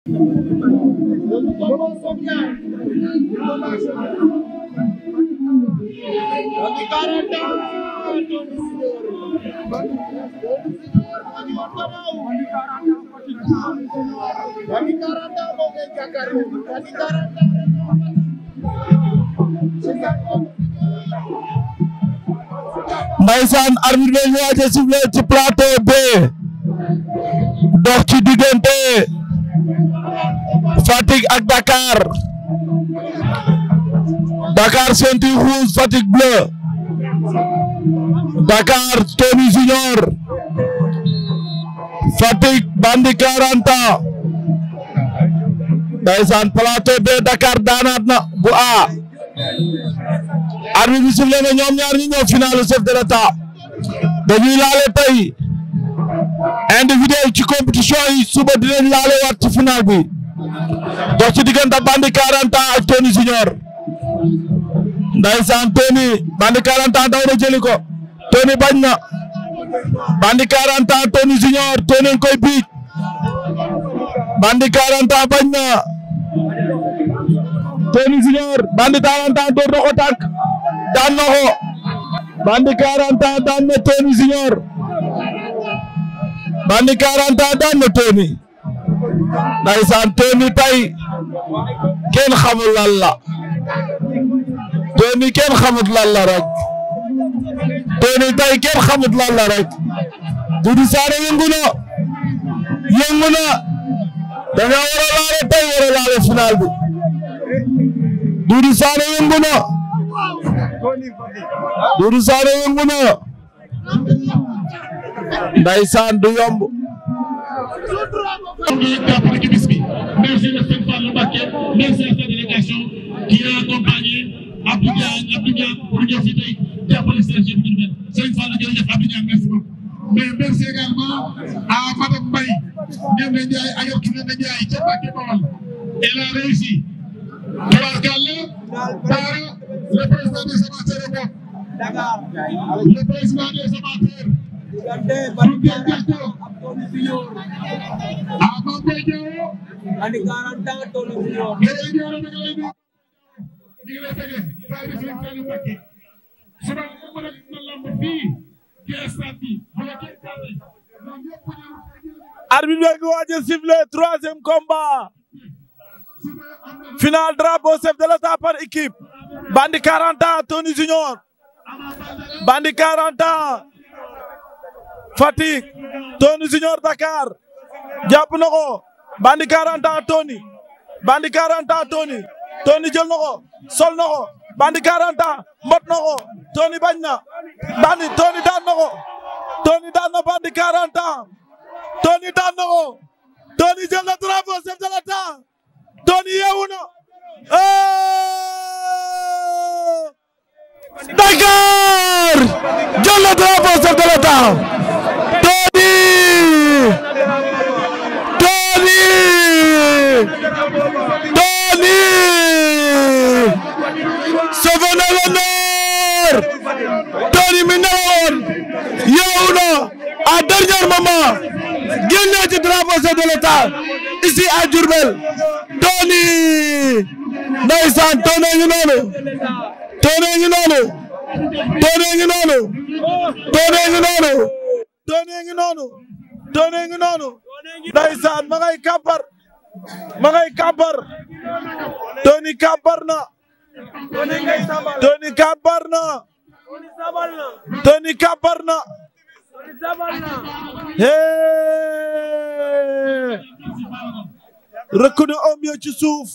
Ndeysaan arbitre bi ñu waaj a sifflé ci plateau B dox ci diggante Fatick ak Dakar Dakar ceinture rouge Fatick bleu Dakar Tony Junior Fatick bandi 40 ans ndeysaan plateau de Dakar daanaat na bu a arbitre bi sifflé na ñoom ñaar ñu ñëw finalu de l'état dañuy laale tey individuel ci compétition yi suba dinañ laale waat final bi dox ci diggante Bandit 40 ans ak Tony Junior ndaysaan Tony Bandit 40 ans bañ na Bandit 40 ans Tony koy biij Bandit bañ na Tony Junior Bandit door na ko tànk daan na ko Bandit 40 ans daan na Tony Junior ndaysaan Témi tay kenn xamul lan la Témi kenn xamut lan la rek tay kenn xamut lan la rek Doudou Sané yëngu na yëngu na da nga a laale tay war a laale final bi Doudou Sané yëngu na Doudou Sané yëngu na ndaysaan du ngi jàppale ci bis bi merci le sëñ Fallou Mbacké merci à sa délégation qui a accompagné Abdou Diagne Abdou Diagne pour ñëw fi tey jàppale Serge bu Diourbel sëñ Fallou jërëjëf Abdou Diagne merci beaucoup mais merci également à Madame Mbaye ñoom la Ndiaye ayok ki la Ndiaye ca Mbacké Bawol elle a réussi tubaarkàlla par le président des amateurs et bopp le président des amateurs Abambe Diao. andi 40 ans tollu ci yoon. ñu ngi lay tege troisième combat. de l'état par équipe. Bandi 40 Tony Junior. Bandi 40 Fatick Tony Junior Dakar jàpp na bandi 40 ans bandi 40 ans Tony Tony jël sol na bandi 40 mbot na ko bañ na bandi Tony daan na ko daan na bandi 40 ans Tony daan na ko Tony jël na drapeau chef de l'État Tony na Dakar jël na drapeau chef de à dernier moment génne ci drapeau chef de l'État ici à Diourbel Tony ndeysaan Tony ngi noonu noonu Tony noonu Tony noonu Tony noonu Tony ngi noonu ndeysaan ma ngay kàppar ma na Tony kàppar na rëkk na om yo ci suuf.